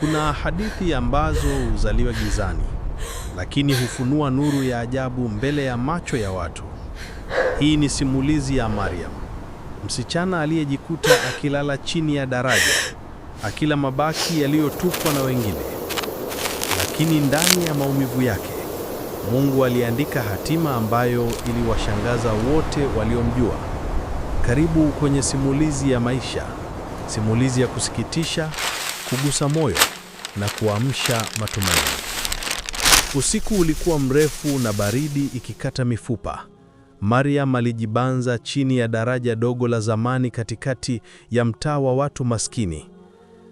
Kuna hadithi ambazo huzaliwa gizani, lakini hufunua nuru ya ajabu mbele ya macho ya watu. Hii ni simulizi ya Mariam, msichana aliyejikuta akilala chini ya daraja, akila mabaki yaliyotupwa na wengine. Lakini ndani ya maumivu yake, Mungu aliandika hatima ambayo iliwashangaza wote waliomjua. Karibu kwenye simulizi ya maisha, simulizi ya kusikitisha, kugusa moyo na kuamsha matumaini. Usiku ulikuwa mrefu na baridi ikikata mifupa. Mariam alijibanza chini ya daraja dogo la zamani katikati ya mtaa wa watu maskini.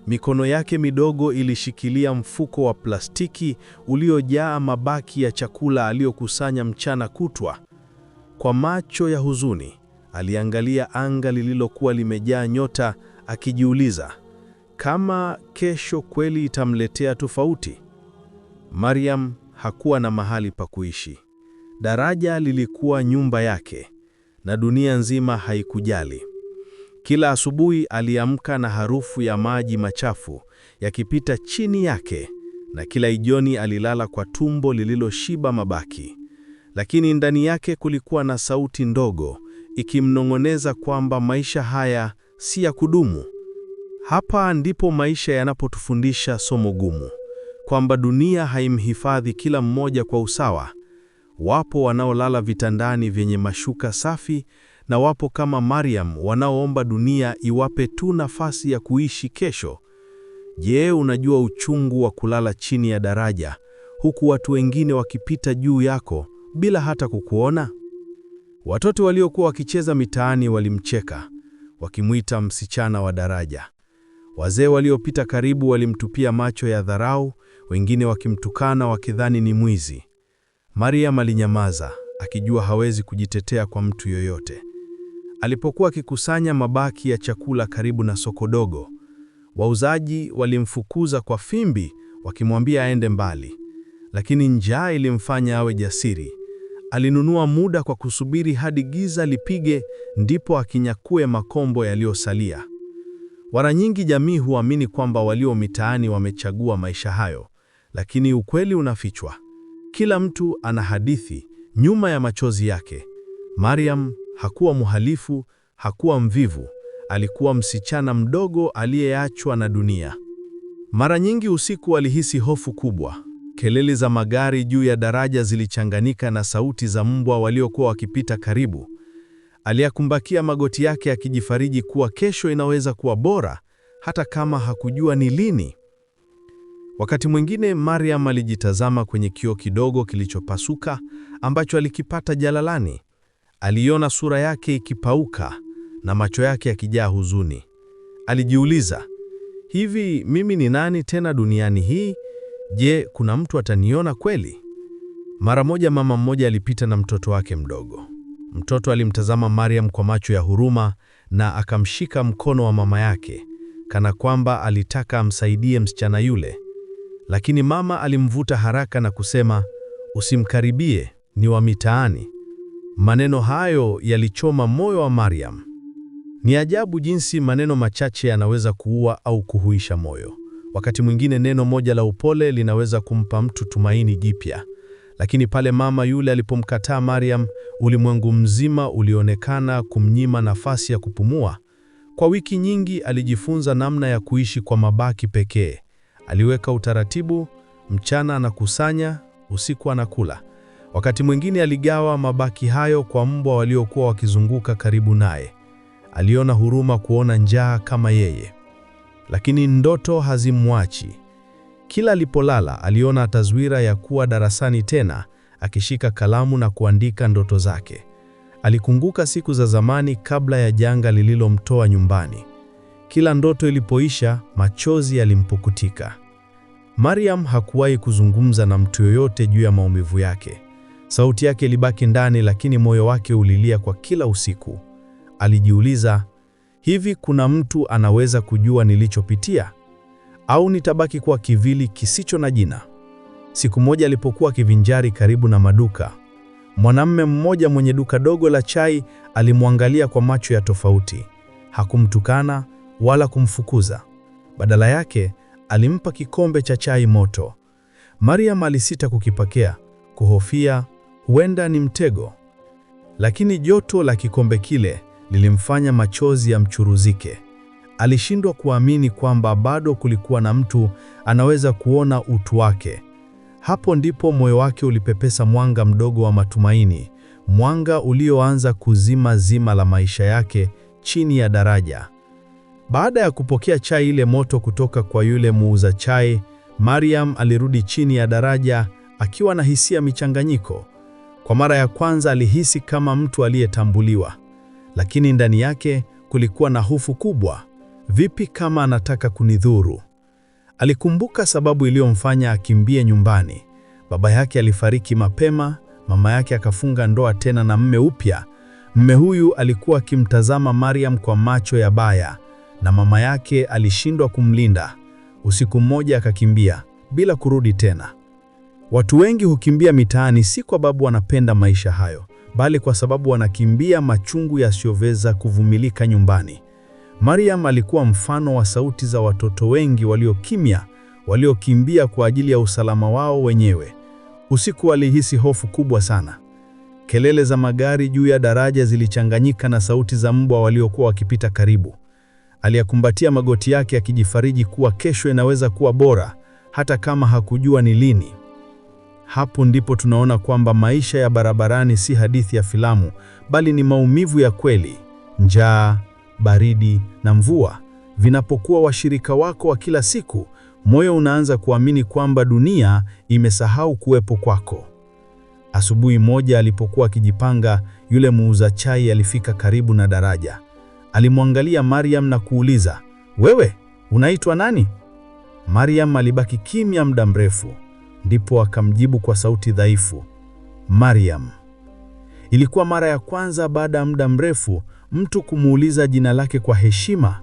Mikono yake midogo ilishikilia mfuko wa plastiki uliojaa mabaki ya chakula aliyokusanya mchana kutwa. Kwa macho ya huzuni, aliangalia anga lililokuwa limejaa nyota akijiuliza kama kesho kweli itamletea tofauti. Mariam hakuwa na mahali pa kuishi. Daraja lilikuwa nyumba yake na dunia nzima haikujali. Kila asubuhi aliamka na harufu ya maji machafu yakipita chini yake, na kila jioni alilala kwa tumbo lililoshiba mabaki. Lakini ndani yake kulikuwa na sauti ndogo ikimnong'oneza kwamba maisha haya si ya kudumu. Hapa ndipo maisha yanapotufundisha somo gumu, kwamba dunia haimhifadhi kila mmoja kwa usawa. Wapo wanaolala vitandani vyenye mashuka safi na wapo kama Mariam wanaoomba dunia iwape tu nafasi ya kuishi kesho. Je, unajua uchungu wa kulala chini ya daraja huku watu wengine wakipita juu yako bila hata kukuona? Watoto waliokuwa wakicheza mitaani walimcheka, wakimwita msichana wa daraja. Wazee waliopita karibu walimtupia macho ya dharau, wengine wakimtukana wakidhani ni mwizi. Mariam alinyamaza, akijua hawezi kujitetea kwa mtu yoyote. Alipokuwa akikusanya mabaki ya chakula karibu na soko dogo, wauzaji walimfukuza kwa fimbi, wakimwambia aende mbali. Lakini njaa ilimfanya awe jasiri. Alinunua muda kwa kusubiri hadi giza lipige, ndipo akinyakue makombo yaliyosalia. Mara nyingi jamii huamini kwamba walio mitaani wamechagua maisha hayo, lakini ukweli unafichwa. Kila mtu ana hadithi nyuma ya machozi yake. Mariam hakuwa mhalifu, hakuwa mvivu, alikuwa msichana mdogo aliyeachwa na dunia. Mara nyingi usiku alihisi hofu kubwa. Kelele za magari juu ya daraja zilichanganyika na sauti za mbwa waliokuwa wakipita karibu. Aliyakumbakia magoti yake akijifariji kuwa kesho inaweza kuwa bora, hata kama hakujua ni lini. Wakati mwingine Mariam alijitazama kwenye kioo kidogo kilichopasuka ambacho alikipata jalalani. Aliona sura yake ikipauka na macho yake yakijaa huzuni. Alijiuliza, hivi mimi ni nani tena duniani hii? Je, kuna mtu ataniona kweli? Mara moja mama mmoja alipita na mtoto wake mdogo. Mtoto alimtazama Mariam kwa macho ya huruma na akamshika mkono wa mama yake, kana kwamba alitaka amsaidie msichana yule. Lakini mama alimvuta haraka na kusema, usimkaribie, ni wa mitaani. Maneno hayo yalichoma moyo wa Mariam. Ni ajabu jinsi maneno machache yanaweza kuua au kuhuisha moyo. Wakati mwingine neno moja la upole linaweza kumpa mtu tumaini jipya. Lakini pale mama yule alipomkataa Mariam, ulimwengu mzima ulionekana kumnyima nafasi ya kupumua. Kwa wiki nyingi alijifunza namna ya kuishi kwa mabaki pekee. Aliweka utaratibu, mchana anakusanya, usiku anakula. Wakati mwingine aligawa mabaki hayo kwa mbwa waliokuwa wakizunguka karibu naye. Aliona huruma kuona njaa kama yeye. Lakini ndoto hazimwachi. Kila alipolala aliona taswira ya kuwa darasani tena, akishika kalamu na kuandika ndoto zake. Alikumbuka siku za zamani kabla ya janga lililomtoa nyumbani. Kila ndoto ilipoisha, machozi yalimpukutika. Mariam hakuwahi kuzungumza na mtu yoyote juu ya maumivu yake. Sauti yake ilibaki ndani, lakini moyo wake ulilia kwa kila usiku. Alijiuliza, hivi kuna mtu anaweza kujua nilichopitia? au nitabaki kuwa kivili kisicho na jina. Siku moja alipokuwa kivinjari karibu na maduka, mwanamume mmoja mwenye duka dogo la chai alimwangalia kwa macho ya tofauti. Hakumtukana wala kumfukuza. Badala yake, alimpa kikombe cha chai moto. Mariam alisita kukipokea, kuhofia huenda ni mtego. Lakini joto la kikombe kile lilimfanya machozi yamchuruzike. Alishindwa kuamini kwamba bado kulikuwa na mtu anaweza kuona utu wake. Hapo ndipo moyo wake ulipepesa mwanga mdogo wa matumaini, mwanga ulioanza kuzima zima la maisha yake chini ya daraja. Baada ya kupokea chai ile moto kutoka kwa yule muuza chai, Mariam alirudi chini ya daraja akiwa na hisia michanganyiko. Kwa mara ya kwanza alihisi kama mtu aliyetambuliwa, lakini ndani yake kulikuwa na hofu kubwa. Vipi kama anataka kunidhuru? Alikumbuka sababu iliyomfanya akimbie nyumbani. Baba yake alifariki mapema, mama yake akafunga ndoa tena na mme upya. Mme huyu alikuwa akimtazama Mariam kwa macho ya baya, na mama yake alishindwa kumlinda. Usiku mmoja akakimbia bila kurudi tena. Watu wengi hukimbia mitaani si kwa sababu wanapenda maisha hayo, bali kwa sababu wanakimbia machungu yasiyoweza kuvumilika nyumbani. Mariam alikuwa mfano wa sauti za watoto wengi waliokimya, waliokimbia kwa ajili ya usalama wao wenyewe. Usiku alihisi hofu kubwa sana. Kelele za magari juu ya daraja zilichanganyika na sauti za mbwa waliokuwa wakipita karibu. Aliyakumbatia magoti yake akijifariji kuwa kesho inaweza kuwa bora, hata kama hakujua ni lini. Hapo ndipo tunaona kwamba maisha ya barabarani si hadithi ya filamu, bali ni maumivu ya kweli, njaa baridi na mvua vinapokuwa washirika wako wa kila siku, moyo unaanza kuamini kwamba dunia imesahau kuwepo kwako. Asubuhi moja alipokuwa akijipanga, yule muuza chai alifika karibu na daraja. Alimwangalia Mariam na kuuliza, wewe unaitwa nani? Mariam alibaki kimya muda mrefu, ndipo akamjibu kwa sauti dhaifu, Mariam. Ilikuwa mara ya kwanza baada ya muda mrefu mtu kumuuliza jina lake kwa heshima,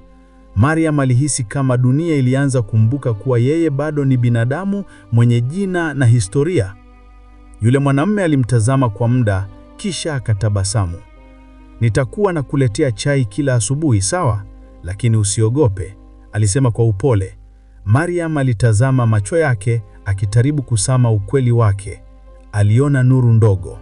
Mariam alihisi kama dunia ilianza kumbuka kuwa yeye bado ni binadamu mwenye jina na historia. Yule mwanamume alimtazama kwa muda, kisha akatabasamu. Nitakuwa na kuletea chai kila asubuhi, sawa? Lakini usiogope, alisema kwa upole. Mariam alitazama macho yake akitaribu kusama ukweli wake. Aliona nuru ndogo.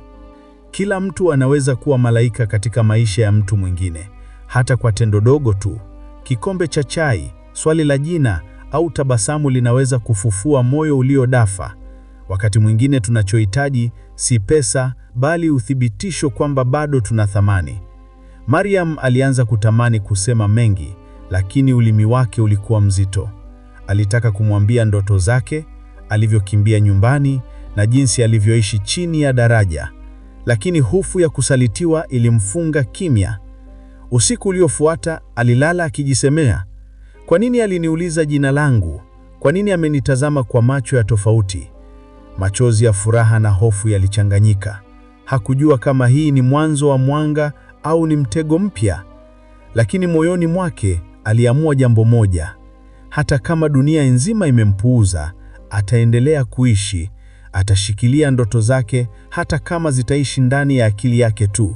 Kila mtu anaweza kuwa malaika katika maisha ya mtu mwingine, hata kwa tendo dogo tu. Kikombe cha chai, swali la jina au tabasamu linaweza kufufua moyo uliodafa. Wakati mwingine tunachohitaji si pesa, bali uthibitisho kwamba bado tuna thamani. Mariam alianza kutamani kusema mengi, lakini ulimi wake ulikuwa mzito. Alitaka kumwambia ndoto zake, alivyokimbia nyumbani na jinsi alivyoishi chini ya daraja lakini hofu ya kusalitiwa ilimfunga kimya. Usiku uliofuata alilala akijisemea, kwa nini aliniuliza jina langu? Kwa nini amenitazama kwa macho ya tofauti? Machozi ya furaha na hofu yalichanganyika. Hakujua kama hii ni mwanzo wa mwanga au ni mtego mpya, lakini moyoni mwake aliamua jambo moja: hata kama dunia nzima imempuuza, ataendelea kuishi Atashikilia ndoto zake hata kama zitaishi ndani ya akili yake tu.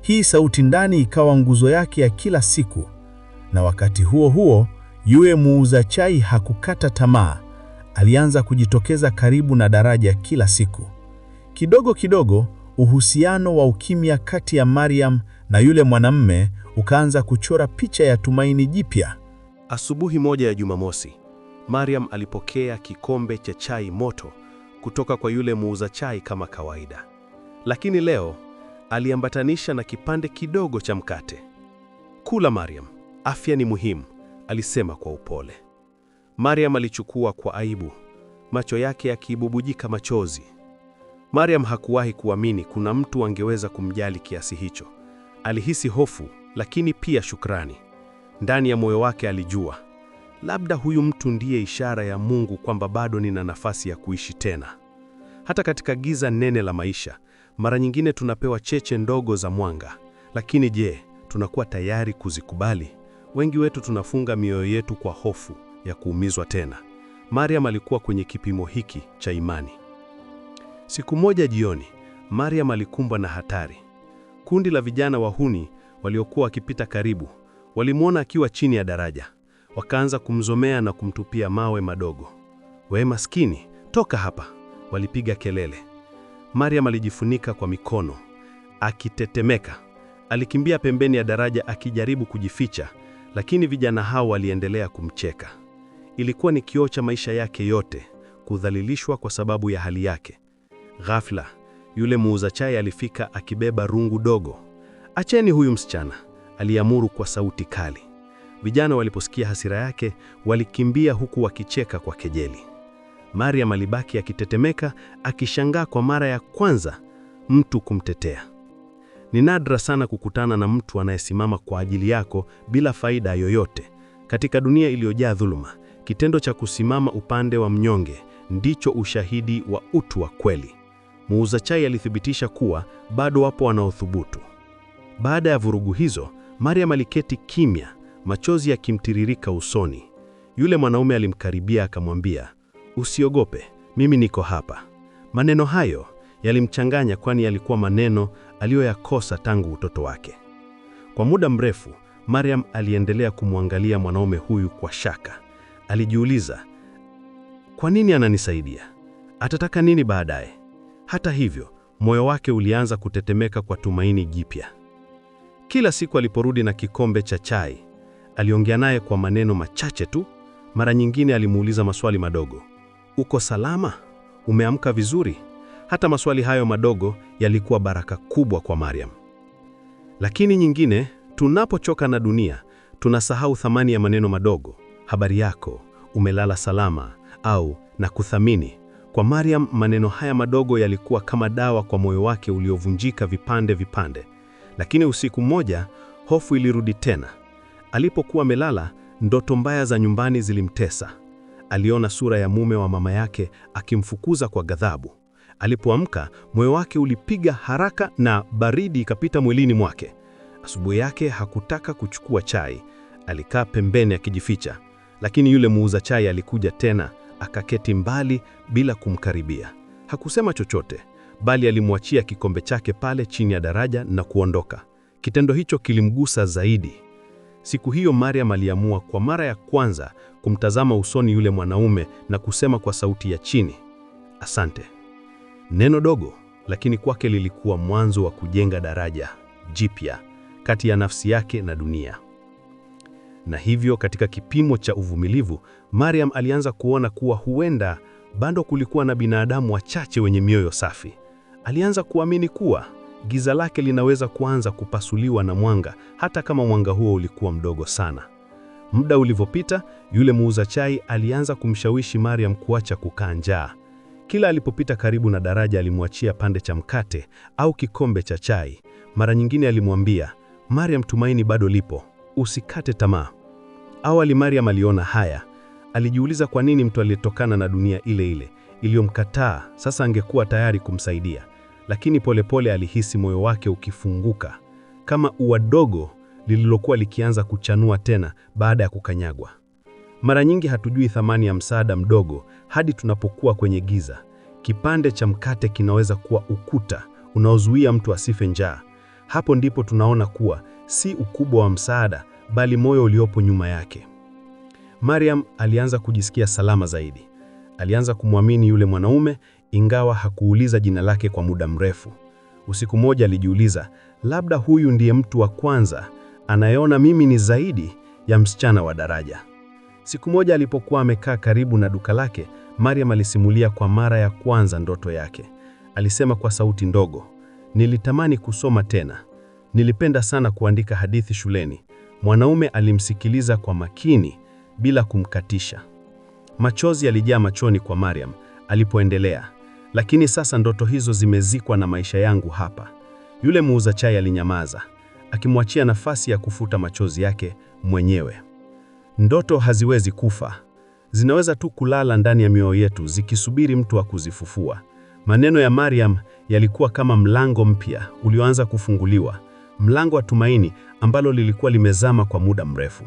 Hii sauti ndani ikawa nguzo yake ya kila siku. Na wakati huo huo, yule muuza chai hakukata tamaa. Alianza kujitokeza karibu na daraja kila siku. Kidogo kidogo, uhusiano wa ukimya kati ya Mariam na yule mwanamme ukaanza kuchora picha ya tumaini jipya. Asubuhi moja ya Jumamosi, Mariam alipokea kikombe cha chai moto kutoka kwa yule muuza chai kama kawaida, lakini leo aliambatanisha na kipande kidogo cha mkate. Kula Mariam, afya ni muhimu, alisema kwa upole. Mariam alichukua kwa aibu, macho yake yakibubujika machozi. Mariam hakuwahi kuamini kuna mtu angeweza kumjali kiasi hicho. Alihisi hofu, lakini pia shukrani. Ndani ya moyo wake alijua Labda huyu mtu ndiye ishara ya Mungu kwamba bado nina nafasi ya kuishi tena. Hata katika giza nene la maisha, mara nyingine tunapewa cheche ndogo za mwanga. Lakini je, tunakuwa tayari kuzikubali? Wengi wetu tunafunga mioyo yetu kwa hofu ya kuumizwa tena. Mariam alikuwa kwenye kipimo hiki cha imani. Siku moja jioni, Mariam alikumbwa na hatari. Kundi la vijana wahuni waliokuwa wakipita karibu walimwona akiwa chini ya daraja. Wakaanza kumzomea na kumtupia mawe madogo. We maskini, toka hapa, walipiga kelele. Mariam alijifunika kwa mikono akitetemeka. Alikimbia pembeni ya daraja akijaribu kujificha, lakini vijana hao waliendelea kumcheka. Ilikuwa ni kioo cha maisha yake yote, kudhalilishwa kwa sababu ya hali yake. Ghafla yule muuza chai alifika akibeba rungu dogo. Acheni huyu msichana, aliamuru kwa sauti kali. Vijana waliposikia hasira yake walikimbia huku wakicheka kwa kejeli. Mariam alibaki akitetemeka, akishangaa kwa mara ya kwanza mtu kumtetea. Ni nadra sana kukutana na mtu anayesimama kwa ajili yako bila faida yoyote. Katika dunia iliyojaa dhuluma, kitendo cha kusimama upande wa mnyonge ndicho ushahidi wa utu wa kweli. Muuza chai alithibitisha kuwa bado wapo wanaothubutu. Baada ya vurugu hizo, Mariam aliketi kimya machozi yakimtiririka usoni. Yule mwanaume alimkaribia akamwambia, usiogope, mimi niko hapa. Maneno hayo yalimchanganya, kwani yalikuwa maneno aliyoyakosa tangu utoto wake. Kwa muda mrefu, Mariam aliendelea kumwangalia mwanaume huyu kwa shaka. Alijiuliza, kwa nini ananisaidia? Atataka nini baadaye? Hata hivyo, moyo wake ulianza kutetemeka kwa tumaini jipya. Kila siku aliporudi na kikombe cha chai Aliongea naye kwa maneno machache tu. Mara nyingine alimuuliza maswali madogo. Uko salama? Umeamka vizuri? Hata maswali hayo madogo yalikuwa baraka kubwa kwa Mariam. Lakini nyingine, tunapochoka na dunia, tunasahau thamani ya maneno madogo. Habari yako, umelala salama, au na kuthamini. Kwa Mariam, maneno haya madogo yalikuwa kama dawa kwa moyo wake uliovunjika vipande vipande. Lakini usiku mmoja, hofu ilirudi tena. Alipokuwa amelala, ndoto mbaya za nyumbani zilimtesa. Aliona sura ya mume wa mama yake akimfukuza kwa ghadhabu. Alipoamka, moyo wake ulipiga haraka na baridi ikapita mwilini mwake. Asubuhi yake hakutaka kuchukua chai, alikaa pembeni akijificha. Lakini yule muuza chai alikuja tena, akaketi mbali bila kumkaribia. Hakusema chochote, bali alimwachia kikombe chake pale chini ya daraja na kuondoka. Kitendo hicho kilimgusa zaidi. Siku hiyo Mariam aliamua kwa mara ya kwanza kumtazama usoni yule mwanaume na kusema kwa sauti ya chini, asante. Neno dogo lakini kwake lilikuwa mwanzo wa kujenga daraja jipya kati ya nafsi yake na dunia. Na hivyo katika kipimo cha uvumilivu, Mariam alianza kuona kuwa huenda bado kulikuwa na binadamu wachache wenye mioyo safi. Alianza kuamini kuwa giza lake linaweza kuanza kupasuliwa na mwanga, hata kama mwanga huo ulikuwa mdogo sana. Muda ulivyopita, yule muuza chai alianza kumshawishi Mariam kuacha kukaa njaa. Kila alipopita karibu na daraja, alimwachia pande cha mkate au kikombe cha chai. Mara nyingine alimwambia Mariam, tumaini bado lipo, usikate tamaa. Awali Mariam aliona haya, alijiuliza kwa nini mtu aliyetokana na dunia ile ile iliyomkataa sasa angekuwa tayari kumsaidia lakini polepole alihisi moyo wake ukifunguka kama ua dogo lililokuwa likianza kuchanua tena baada ya kukanyagwa. Mara nyingi hatujui thamani ya msaada mdogo hadi tunapokuwa kwenye giza. Kipande cha mkate kinaweza kuwa ukuta unaozuia mtu asife njaa. Hapo ndipo tunaona kuwa si ukubwa wa msaada, bali moyo uliopo nyuma yake. Mariam alianza kujisikia salama zaidi. Alianza kumwamini yule mwanaume ingawa hakuuliza jina lake kwa muda mrefu. Usiku mmoja alijiuliza, labda huyu ndiye mtu wa kwanza anayeona mimi ni zaidi ya msichana wa daraja. Siku moja alipokuwa amekaa karibu na duka lake, Mariam alisimulia kwa mara ya kwanza ndoto yake. Alisema kwa sauti ndogo, nilitamani kusoma tena, nilipenda sana kuandika hadithi shuleni. Mwanaume alimsikiliza kwa makini bila kumkatisha. Machozi yalijaa machoni kwa Mariam alipoendelea, lakini sasa ndoto hizo zimezikwa na maisha yangu hapa. Yule muuza chai alinyamaza, akimwachia nafasi ya kufuta machozi yake mwenyewe. Ndoto haziwezi kufa, zinaweza tu kulala ndani ya mioyo yetu zikisubiri mtu wa kuzifufua. Maneno ya Mariam yalikuwa kama mlango mpya ulioanza kufunguliwa, mlango wa tumaini ambalo lilikuwa limezama kwa muda mrefu.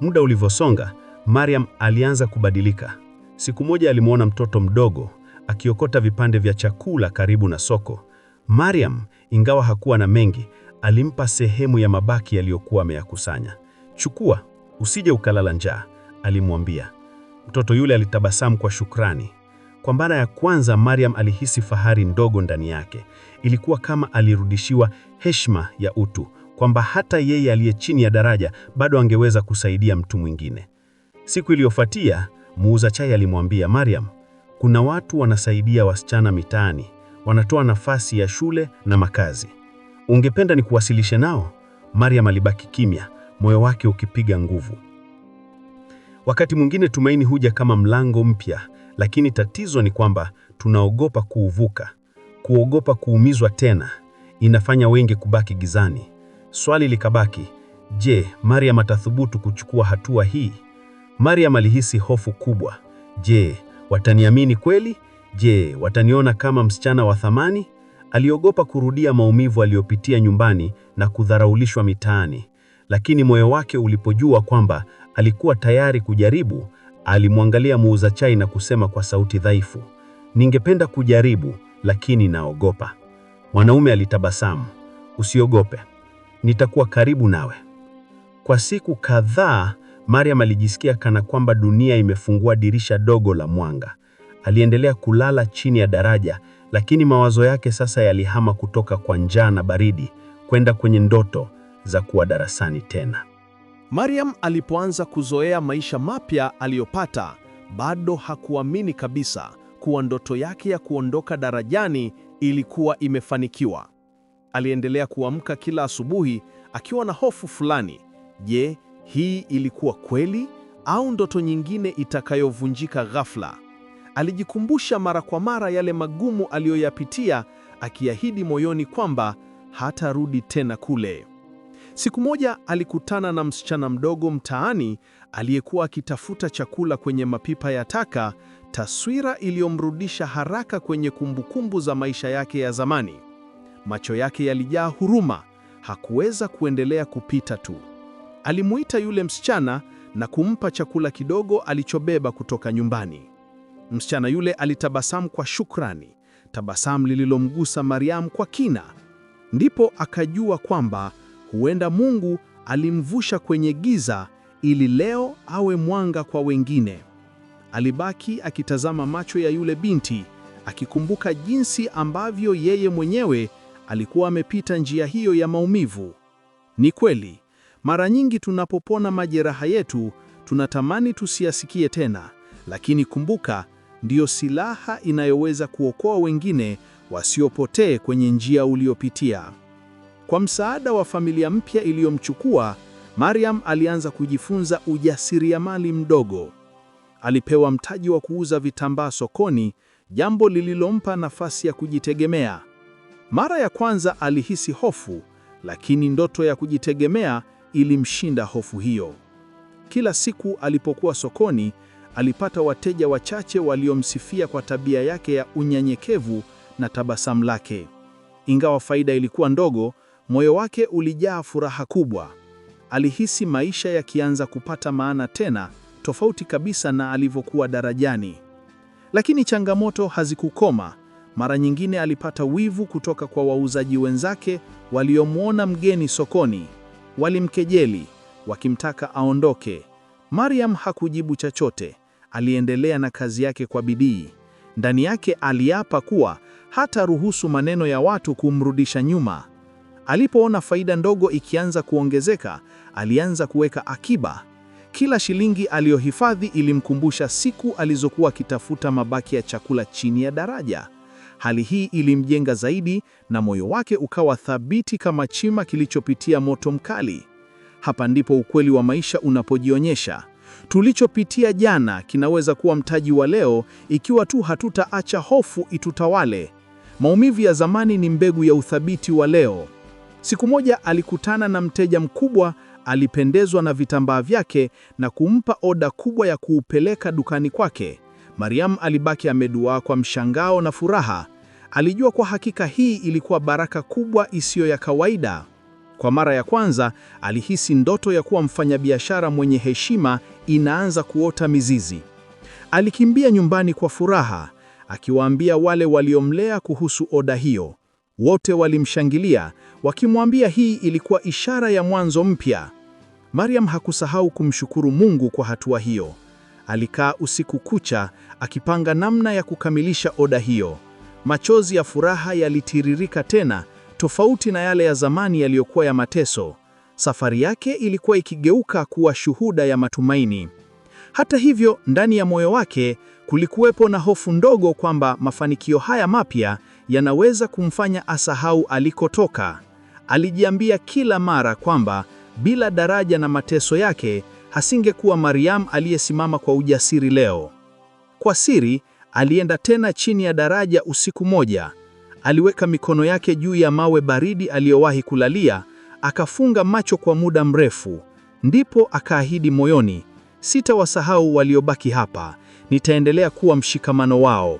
Muda ulivyosonga, Mariam alianza kubadilika. Siku moja alimwona mtoto mdogo akiokota vipande vya chakula karibu na soko. Mariam, ingawa hakuwa na mengi, alimpa sehemu ya mabaki yaliyokuwa ameyakusanya. Chukua, usije ukalala njaa, alimwambia. Mtoto yule alitabasamu kwa shukrani. Kwa mara ya kwanza Mariam alihisi fahari ndogo ndani yake. Ilikuwa kama alirudishiwa heshima ya utu, kwamba hata yeye aliye chini ya daraja bado angeweza kusaidia mtu mwingine. Siku iliyofuatia muuza chai alimwambia Mariam, kuna watu wanasaidia wasichana mitaani, wanatoa nafasi ya shule na makazi. Ungependa ni kuwasilishe nao? Mariam alibaki kimya, moyo wake ukipiga nguvu. Wakati mwingine tumaini huja kama mlango mpya, lakini tatizo ni kwamba tunaogopa kuuvuka. Kuogopa kuumizwa tena inafanya wengi kubaki gizani. Swali likabaki, je, Mariam atathubutu kuchukua hatua hii? Mariam alihisi hofu kubwa. Je, Wataniamini kweli? Je, wataniona kama msichana wa thamani? Aliogopa kurudia maumivu aliyopitia nyumbani na kudharaulishwa mitaani, lakini moyo wake ulipojua kwamba alikuwa tayari kujaribu, alimwangalia muuza chai na kusema kwa sauti dhaifu, ningependa kujaribu, lakini naogopa. Mwanaume alitabasamu, usiogope, nitakuwa karibu nawe. Kwa siku kadhaa Mariam alijisikia kana kwamba dunia imefungua dirisha dogo la mwanga. Aliendelea kulala chini ya daraja, lakini mawazo yake sasa yalihama kutoka kwa njaa na baridi kwenda kwenye ndoto za kuwa darasani tena. Mariam alipoanza kuzoea maisha mapya aliyopata, bado hakuamini kabisa kuwa ndoto yake ya kuondoka darajani ilikuwa imefanikiwa. Aliendelea kuamka kila asubuhi akiwa na hofu fulani. Je, hii ilikuwa kweli au ndoto nyingine itakayovunjika ghafla? Alijikumbusha mara kwa mara yale magumu aliyoyapitia, akiahidi moyoni kwamba hatarudi tena kule. Siku moja alikutana na msichana mdogo mtaani aliyekuwa akitafuta chakula kwenye mapipa ya taka, taswira iliyomrudisha haraka kwenye kumbukumbu za maisha yake ya zamani. Macho yake yalijaa huruma, hakuweza kuendelea kupita tu. Alimuita yule msichana na kumpa chakula kidogo alichobeba kutoka nyumbani. Msichana yule alitabasamu kwa shukrani, tabasamu lililomgusa Mariam kwa kina. Ndipo akajua kwamba huenda Mungu alimvusha kwenye giza ili leo awe mwanga kwa wengine. Alibaki akitazama macho ya yule binti, akikumbuka jinsi ambavyo yeye mwenyewe alikuwa amepita njia hiyo ya maumivu. Ni kweli, mara nyingi tunapopona majeraha yetu, tunatamani tusiyasikie tena, lakini kumbuka, ndiyo silaha inayoweza kuokoa wengine wasiopotee kwenye njia uliopitia. Kwa msaada wa familia mpya iliyomchukua, Mariam alianza kujifunza ujasiriamali mdogo. Alipewa mtaji wa kuuza vitambaa sokoni, jambo lililompa nafasi ya kujitegemea. Mara ya kwanza alihisi hofu, lakini ndoto ya kujitegemea ilimshinda hofu hiyo. Kila siku alipokuwa sokoni, alipata wateja wachache waliomsifia kwa tabia yake ya unyenyekevu na tabasamu lake. Ingawa faida ilikuwa ndogo, moyo wake ulijaa furaha kubwa. Alihisi maisha yakianza kupata maana tena, tofauti kabisa na alivyokuwa darajani. Lakini changamoto hazikukoma. Mara nyingine alipata wivu kutoka kwa wauzaji wenzake waliomwona mgeni sokoni. Walimkejeli wakimtaka aondoke. Mariam hakujibu chochote, aliendelea na kazi yake kwa bidii. Ndani yake aliapa kuwa hataruhusu maneno ya watu kumrudisha nyuma. Alipoona faida ndogo ikianza kuongezeka, alianza kuweka akiba. Kila shilingi aliyohifadhi ilimkumbusha siku alizokuwa akitafuta mabaki ya chakula chini ya daraja. Hali hii ilimjenga zaidi na moyo wake ukawa thabiti kama chima kilichopitia moto mkali. Hapa ndipo ukweli wa maisha unapojionyesha. Tulichopitia jana kinaweza kuwa mtaji wa leo ikiwa tu hatutaacha hofu itutawale. Maumivu ya zamani ni mbegu ya uthabiti wa leo. Siku moja alikutana na mteja mkubwa, alipendezwa na vitambaa vyake na kumpa oda kubwa ya kuupeleka dukani kwake. Mariam alibaki ameduaa kwa mshangao na furaha. Alijua kwa hakika hii ilikuwa baraka kubwa isiyo ya kawaida. Kwa mara ya kwanza alihisi ndoto ya kuwa mfanyabiashara mwenye heshima inaanza kuota mizizi. Alikimbia nyumbani kwa furaha, akiwaambia wale waliomlea kuhusu oda hiyo. Wote walimshangilia, wakimwambia hii ilikuwa ishara ya mwanzo mpya. Mariam hakusahau kumshukuru Mungu kwa hatua hiyo. Alikaa usiku kucha akipanga namna ya kukamilisha oda hiyo. Machozi ya furaha yalitiririka tena, tofauti na yale ya zamani yaliyokuwa ya mateso. Safari yake ilikuwa ikigeuka kuwa shuhuda ya matumaini. Hata hivyo, ndani ya moyo wake kulikuwepo na hofu ndogo kwamba mafanikio haya mapya yanaweza kumfanya asahau alikotoka. Alijiambia kila mara kwamba bila daraja na mateso yake hasingekuwa Mariam aliyesimama kwa ujasiri leo. Kwa siri, alienda tena chini ya daraja usiku moja. Aliweka mikono yake juu ya mawe baridi aliyowahi kulalia, akafunga macho kwa muda mrefu. Ndipo akaahidi moyoni, sitawasahau waliobaki hapa, nitaendelea kuwa mshikamano wao.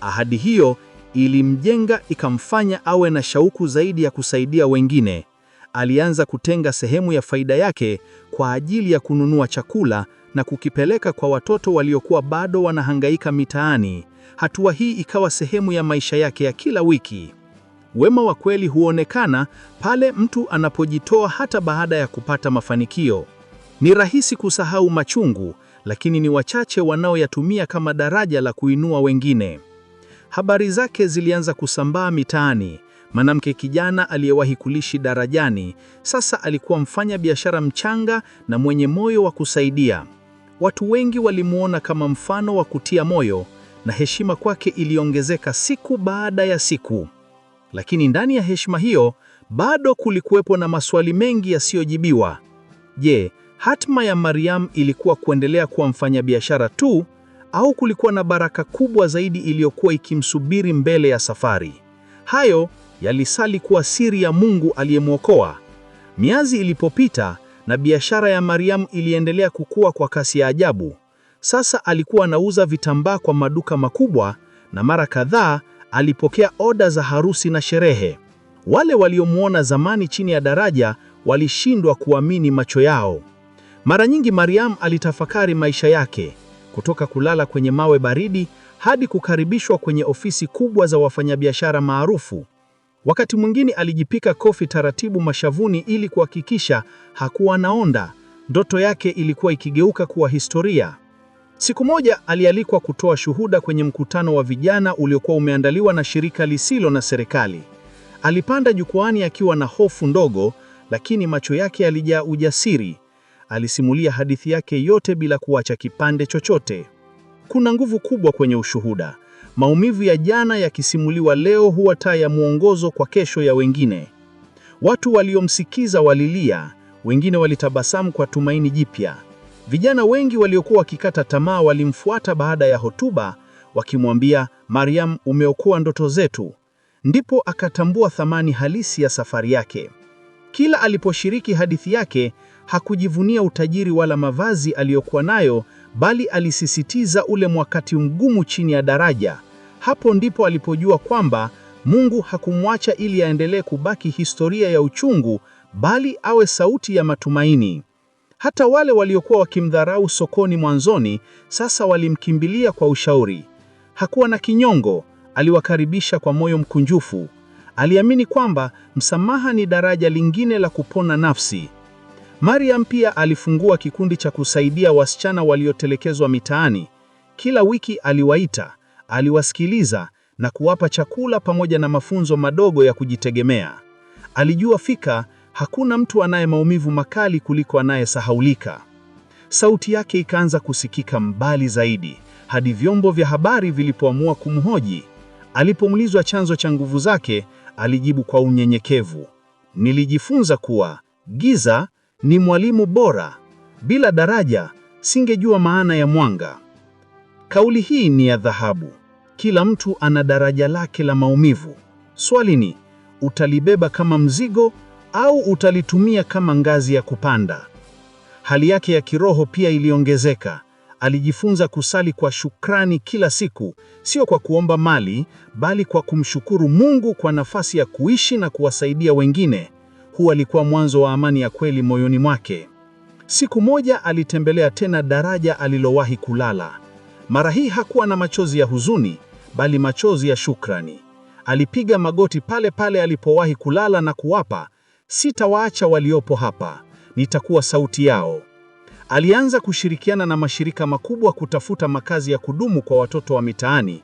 Ahadi hiyo ilimjenga, ikamfanya awe na shauku zaidi ya kusaidia wengine. Alianza kutenga sehemu ya faida yake kwa ajili ya kununua chakula na kukipeleka kwa watoto waliokuwa bado wanahangaika mitaani. Hatua hii ikawa sehemu ya maisha yake ya kila wiki. Wema wa kweli huonekana pale mtu anapojitoa hata baada ya kupata mafanikio. Ni rahisi kusahau machungu, lakini ni wachache wanaoyatumia kama daraja la kuinua wengine. Habari zake zilianza kusambaa mitaani. Mwanamke kijana aliyewahi kulishi darajani, sasa alikuwa mfanya biashara mchanga na mwenye moyo wa kusaidia. Watu wengi walimwona kama mfano wa kutia moyo na heshima kwake iliongezeka siku baada ya siku. Lakini ndani ya heshima hiyo bado kulikuwepo na maswali mengi yasiyojibiwa. Je, hatma ya Mariam ilikuwa kuendelea kuwa mfanyabiashara tu au kulikuwa na baraka kubwa zaidi iliyokuwa ikimsubiri mbele ya safari? Hayo yalisali kuwa siri ya Mungu aliyemwokoa. Miazi ilipopita na biashara ya Mariam iliendelea kukua kwa kasi ya ajabu. Sasa alikuwa anauza vitambaa kwa maduka makubwa na mara kadhaa alipokea oda za harusi na sherehe. Wale waliomwona zamani chini ya daraja walishindwa kuamini macho yao. Mara nyingi Mariam alitafakari maisha yake, kutoka kulala kwenye mawe baridi hadi kukaribishwa kwenye ofisi kubwa za wafanyabiashara maarufu. Wakati mwingine alijipika kofi taratibu mashavuni ili kuhakikisha hakuwa naonda Ndoto yake ilikuwa ikigeuka kuwa historia. Siku moja alialikwa kutoa shuhuda kwenye mkutano wa vijana uliokuwa umeandaliwa na shirika lisilo na serikali. Alipanda jukwaani akiwa na hofu ndogo, lakini macho yake yalijaa ujasiri. Alisimulia hadithi yake yote bila kuacha kipande chochote. Kuna nguvu kubwa kwenye ushuhuda. Maumivu ya jana yakisimuliwa leo huwa taa ya mwongozo kwa kesho ya wengine. Watu waliomsikiza walilia, wengine walitabasamu kwa tumaini jipya. Vijana wengi waliokuwa wakikata tamaa walimfuata baada ya hotuba, wakimwambia Mariam, umeokoa ndoto zetu. Ndipo akatambua thamani halisi ya safari yake. Kila aliposhiriki hadithi yake, hakujivunia utajiri wala mavazi aliyokuwa nayo, bali alisisitiza ule wakati mgumu chini ya daraja. Hapo ndipo alipojua kwamba Mungu hakumwacha ili aendelee kubaki historia ya uchungu, bali awe sauti ya matumaini. Hata wale waliokuwa wakimdharau sokoni mwanzoni, sasa walimkimbilia kwa ushauri. Hakuwa na kinyongo, aliwakaribisha kwa moyo mkunjufu. Aliamini kwamba msamaha ni daraja lingine la kupona nafsi. Mariam pia alifungua kikundi cha kusaidia wasichana waliotelekezwa mitaani. Kila wiki aliwaita, Aliwasikiliza na kuwapa chakula pamoja na mafunzo madogo ya kujitegemea. Alijua fika hakuna mtu anaye maumivu makali kuliko anayesahaulika. Sauti yake ikaanza kusikika mbali zaidi hadi vyombo vya habari vilipoamua kumhoji. Alipoulizwa chanzo cha nguvu zake, alijibu kwa unyenyekevu, nilijifunza kuwa giza ni mwalimu bora, bila daraja singejua maana ya mwanga. Kauli hii ni ya dhahabu, kila mtu ana daraja lake la maumivu. Swali ni, utalibeba kama mzigo au utalitumia kama ngazi ya kupanda? Hali yake ya kiroho pia iliongezeka. Alijifunza kusali kwa shukrani kila siku, sio kwa kuomba mali, bali kwa kumshukuru Mungu kwa nafasi ya kuishi na kuwasaidia wengine. Huu alikuwa mwanzo wa amani ya kweli moyoni mwake. Siku moja alitembelea tena daraja alilowahi kulala. Mara hii hakuwa na machozi ya huzuni, bali machozi ya shukrani. Alipiga magoti pale pale alipowahi kulala na kuwapa, sitawaacha waliopo hapa, nitakuwa sauti yao. Alianza kushirikiana na mashirika makubwa kutafuta makazi ya kudumu kwa watoto wa mitaani.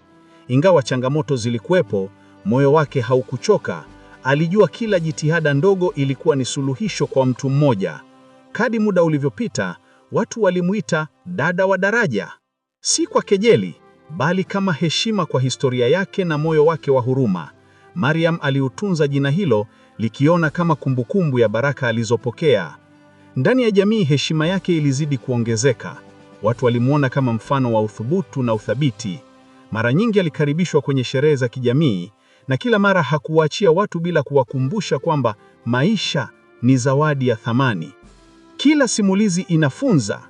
Ingawa changamoto zilikuwepo, moyo wake haukuchoka. Alijua kila jitihada ndogo ilikuwa ni suluhisho kwa mtu mmoja. Kadi muda ulivyopita, watu walimuita dada wa daraja, si kwa kejeli, bali kama heshima kwa historia yake na moyo wake wa huruma. Mariam aliutunza jina hilo likiona kama kumbukumbu ya baraka alizopokea. Ndani ya jamii, heshima yake ilizidi kuongezeka. Watu walimwona kama mfano wa uthubutu na uthabiti. Mara nyingi alikaribishwa kwenye sherehe za kijamii, na kila mara hakuwaachia watu bila kuwakumbusha kwamba maisha ni zawadi ya thamani. Kila simulizi inafunza.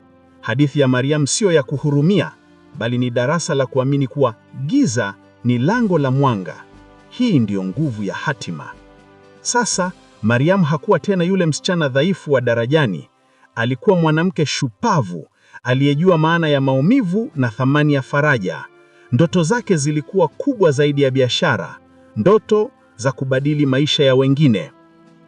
Hadithi ya Mariam siyo ya kuhurumia, bali ni darasa la kuamini kuwa giza ni lango la mwanga. Hii ndiyo nguvu ya hatima. Sasa Mariam hakuwa tena yule msichana dhaifu wa darajani. Alikuwa mwanamke shupavu aliyejua maana ya maumivu na thamani ya faraja. Ndoto zake zilikuwa kubwa zaidi ya biashara, ndoto za kubadili maisha ya wengine.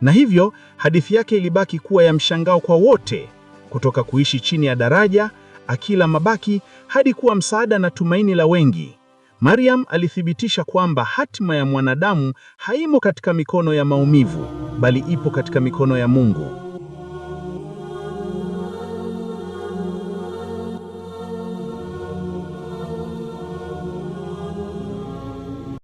Na hivyo hadithi yake ilibaki kuwa ya mshangao kwa wote, kutoka kuishi chini ya daraja akila mabaki hadi kuwa msaada na tumaini la wengi. Mariam alithibitisha kwamba hatima ya mwanadamu haimo katika mikono ya maumivu, bali ipo katika mikono ya Mungu.